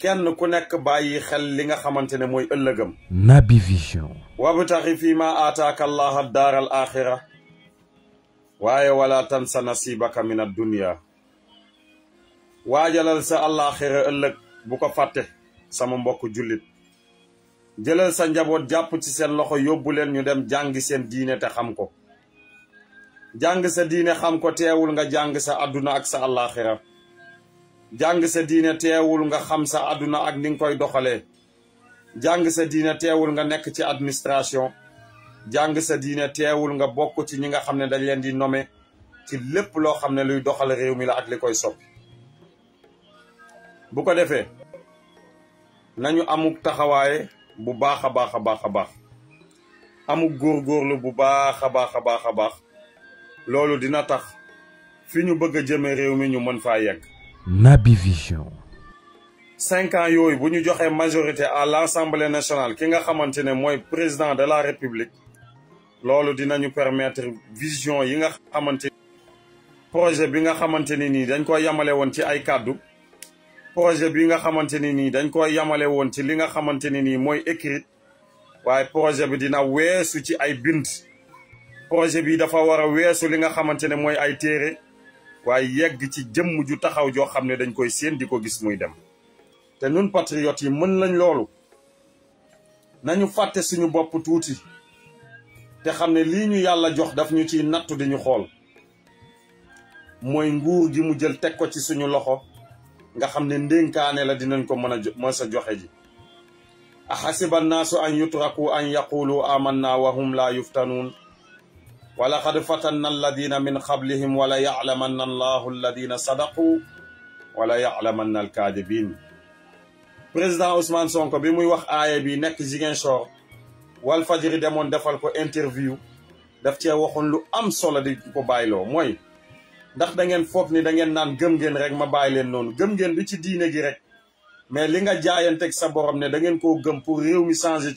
kenn ku nekk bàyyi xel li nga xamante ne mooy ëllëgam Naby Vision wabtaxi fii ma aataaka allaha daaral axira waaye wala tansa nasibaka min ad dunia waajalal sa allaaxira ëllëg bu ko fàtte sama mbokk jullit jëlal sa njaboot jàpp ci seen loxo yóbbu leen ñu dem jàngi seen diine te xam ko jàng sa diine xam ko teewul nga jàng sa àdduna ak sa allaaxira jàng sa diine teewul nga xam sa àdduna ak ni nga koy doxalee jàng sa diine teewul nga nekk ci administration jàng sa diine teewul nga bokk ci ñi nga xam ne dañ leen di nommer ci lépp loo xam ne luy doxal réew mi la ak li koy soppi bu ko defee nañu amuk taxawaay bu baax a baax a baax a baax amuk góorgóorlu bu baax a baax a baax a baax loolu dina tax fi ñu bëgg a jëme réew mi ñu mën faa yegg Naby Vision. cinq ans yooyu bu ñu joxee majorité à l'Assemblée nationale ki nga xamante ne mooy président de la République loolu dinañu permettre vision yi nga xamante projet bi nga xamante ne nii dañ ko yamale woon ci ay kaddu projet bi nga xamante ne nii dañ ko yamale woon ci li nga xamante ne nii mooy écrit waaye projet bi dina weesu ci ay bind projet bi dafa war a weesu li nga xamante ne mooy ay téere waaye yegg ci jëmm ju taxaw joo xam ne dañ koy séen di ko gis muy dem te nun patriotes yi mën nañ loolu nañu fàtte suñu bopp tuuti te xam ne lii ñu yàlla jox daf ñu ciy nattu di ñu xool mooy nguur ji mu jël teg ko ci suñu loxo nga xam ne ndénkaane la dinañ ko mën a mën sa joxe ji axasiba annaasu an yutraku an yaqulu amanna wa hum la yuftanuun ولقد فتنا الذين من قبلهم ولا أن الله الذين صدقوا ولا يعلمن الكاذبين بريزيدان عثمان سونكو بي موي واخ ايه بي نيك زيغين شور والفجر ديمون دافال كو انترفيو داف تي واخون لو ام سولو كو بايلو موي داخ دا نين فوك نان گم گين ريك ما بايلين نون گم گين دي تي دينه گي ريك مي ليغا جايانتك سا بوروم ني دا نين كو گم بور ريو مي سانجي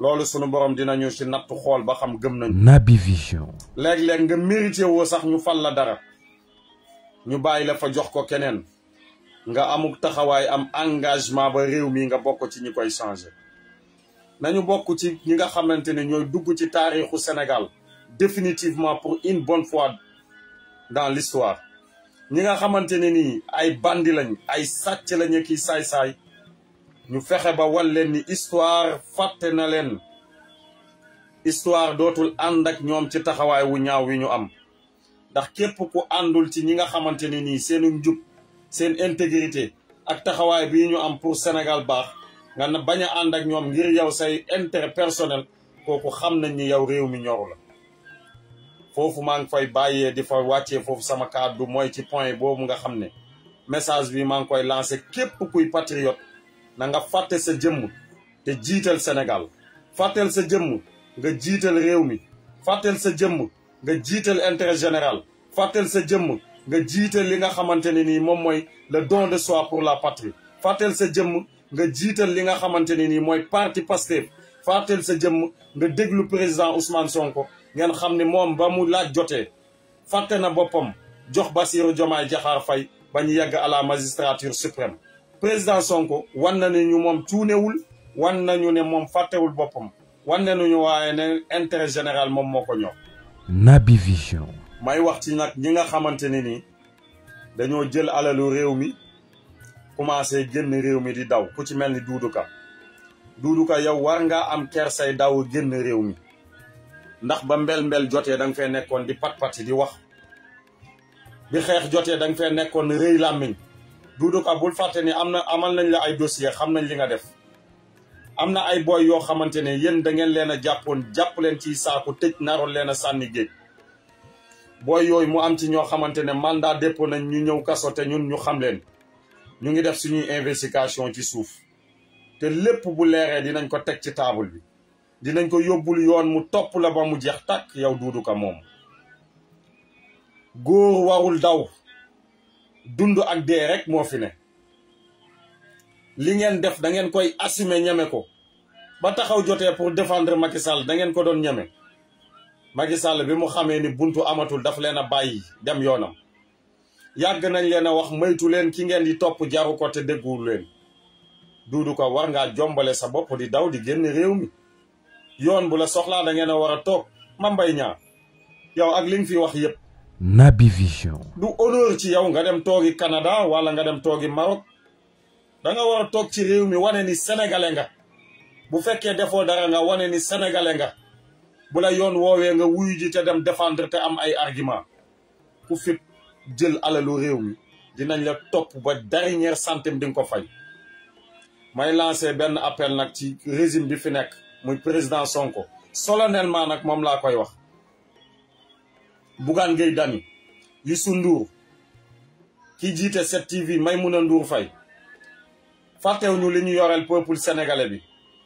loolu sunu borom dinañu ci natt xool ba xam gëm nañu. Naby Vision. léeg-léeg nga mérité woo sax ñu fal la dara ñu bàyyi la fa jox ko keneen nga amuk taxawaay am engagement ba réew mi nga bokk ci ñi koy changé nañu bokk ci ñi nga xamante ne ñooy dugg ci taarixu Sénégal définitivement pour une bonne fois dans l'histoire ñi nga xamante ne nii ay bandi lañ ay sàcc lañu kii saay-saay. ñu fexe ba wan leen ni histoire fàtte na leen histoire dootul ànd ak ñoom ci taxawaay wu ñaaw wi ñu am ndax képp ku àndul ci ñi nga xamante ne nii seenu njub seen intégrité ak taxawaay bii ñu am pour Sénégal baax nga na bañ a ànd ak ñoom ngir yow say intérêt personnel kooku xam nañ ni yow réew mi ñoru la foofu maa ngi fay bàyyee di fa wàccee foofu sama kàddu mooy ci point boobu nga xam ne message bi maa ngi koy lancé képp kuy patriote na nga fàtte sa jëmm te jiital Sénégal fàtteel sa jëmm nga jiital réew mi fàtteel sa jëmm nga jiital intérêt général fàtteel sa jëmm nga jiital li nga xamante ne nii moom mooy le don de soi pour la patrie fàtteel sa jëmm nga jiital li nga xamante ne nii mooy parti Pastef fàtteel sa jëmm nga déglu président Ousmane Sonko ngeen xam ni moom ba mu laaj jotee fàtte na boppam jox Bassirou Diomaye Diakhar fay ba ñu yegg à la magistrature suprême président Sonko wan na ñu moom tuunewul wan nañu ne moom fàttewul boppam wan nañu waaye ne intérêt général moom moo ko ñor. Naby Vision. may wax ci nag ñi nga xamante ne ni dañoo jël alalu réew mi commencé génn réew mi di daw ku ci mel ni Doudou Ka Doudou yow war ngaa am kersay daw génn réew mi ndax ba mbel-mbel jotee da nga fee nekkoon di pat-pati di wax bi xeex jotee da nga fee nekkoon rëy làmmiñ Doudou Ka bul fàtte ni am na amal nañ la ay dossier xam nañ li nga def am na ay boy yoo xamante ne yéen da ngeen leen a jàppoon jàpp leen ci saaku tëj naroon leen a sànni géej booy yooyu mu am ci ñoo xamante ne mandat dépôt nañ ñu ñëw kaso te ñun ñu xam leen ñu ngi def suñuy investigation ci suuf te lépp bu leeree dinañ ko teg ci taabul bi dinañ ko yóbbul yoon mu topp la ba mu jeex tàkk yow Doudou Ka moom góor warul daw dundu ak dee rek mo fi ne li ngeen def da ngeen koy assumer ñeme ko ba taxaw jotee pour défendre Macky Sall da ngeen ko doon ñeme Macky Sall bi mu xamé ni buntu amatul daf leena bayyi dem yoonam yag nañ leena wax maytu leen ki ngeen di top jaru ko te dégguwul leen dudu ko war nga jombale sa bop di daw di génn réew mi yoon bu la soxla da ngeen wara tok ma mbay ñaar yow ak liñ fi wax yépp Naby Vision. du honneur ci yow nga dem toogi Canada wala nga dem toogi Maroc da nga war a toog ci réew mi wane ni sénégalais nga bu fekkee defoo dara nga wane ni sénégalais nga bu la yoon woowee nga wuyu ji te dem défendre te am ay argument ku fi jël alalu réew mi dinañ la topp ba dernière centime di nga ko fay. may lancé benn appel nag ci régime bi fi nekk muy président Sonko solennellement nag moom laa koy wax. Bougane Gueye Dany Youssou Ndour ki jiite 7TV Maymouna Ndour Faye fàttewuñu li ñu yoreel peuple sénégalais bi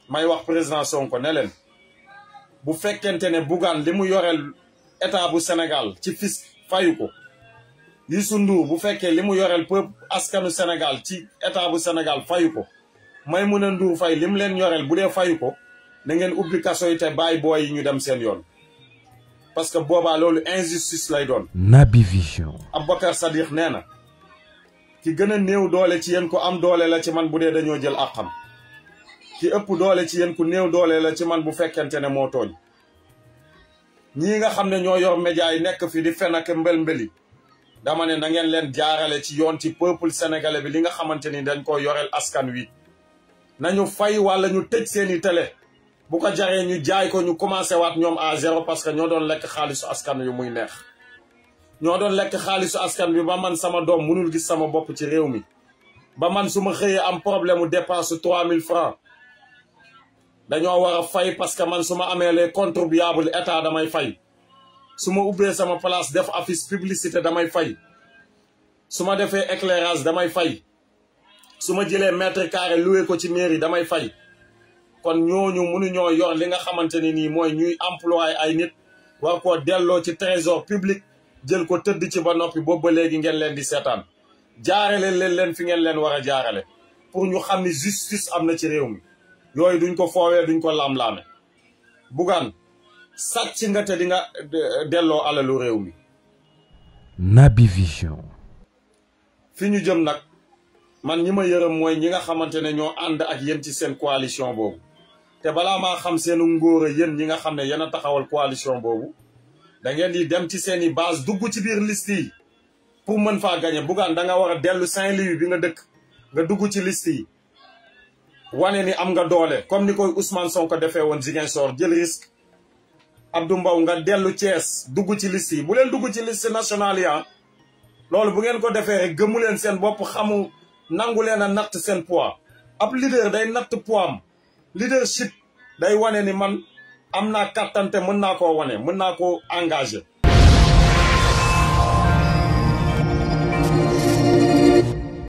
may wax président ko ne leen bu fekkente ne Bougane li mu yoreel état bu Sénégal ci fisc fayu ko Youssou Ndour bu fekkee li mu yoreel peuple askanu Sénégal ci état bu Sénégal fayu ko Maymouna Ndour fay li mu leen yoreel bu dee fayu ko na ngeen ubbi kaso yi te bàyyi booy yi ñu dem seen yoon parce que boobaa loolu injustice lay doon. Naby Vision. Aboubacar Sadikh nee na ki gën a néew doole ci yéen ku am doole la ci man bu dee dañoo jël àqam ki ëpp doole ci yéen ku néew doole la ci man bu fekkente ne moo tooñ ñii nga xam ne ñoo yor média yi nekk fi di fen ak mbël-mbëli dama ne na ngeen leen jaarale ci yoon ci peuple sénégalais bi li nga xamante ni dañ ko yoreel askan wi nañu fay wala ñu tëj seeni télé bu ko jaree ñu jaay ko ñu commencé wat ñom à zéro parce que ñoo doon lek xaalisu askan yu muy neex ñoo doon lek xaalisu askan bi ba man sama dom mënul gis sama bop ci réew mi ba man suma ma am problème dépense 3.000 francs dañoo wara fay parce que man suma ma les contribuables état damay fay suma ubbé sama place def office publicité damay fay suma ma éclairage damay fay suma ma mètre carré loué ko ci mairie damay fay kon ñooñu mënuñoo yor li nga xamante ne nii mooy ñuy employé ay nit war ko delloo ci trésor public jël ko tëdd ci ba noppi boobu ba léegi ngeen leen di seetaan jaarale leen leen fi ngeen leen war a jaarale pour ñu xam ni justice am na ci réew mi yooyu duñ ko foowee duñ ko laam-laame bugaan sàcc nga te di nga delloo alalu réew mi Naby Vision fi ñu jëm nag man ñi ma yërëm mooy ñi nga xamante ne ñoo ànd ak yéen ci seen coalition boobu te bala ma xam seenu ngóor yeen ñi nga xam ne taxawal coalition bobu da ngeen di dem ci seen base dugg ci biir liste yi pour mën gagner bu Bougane da nga wara delu Saint-Louis bi nga dëkk nga dugg ci liste yi wane ni am nga doole comme ni koy Ousmane Sonko won Sor jël risque Abdou Mbaw nga delu Thiès dugg ci liste yi bu len dugg ci liste nationale ya loolu bu ngeen ko defee rek gëmu len seen bop xamu nangulena seen poids ab leader day natt poids leadership day wane ni man am naa kàttante mën naa ko wane mën naa ko engagé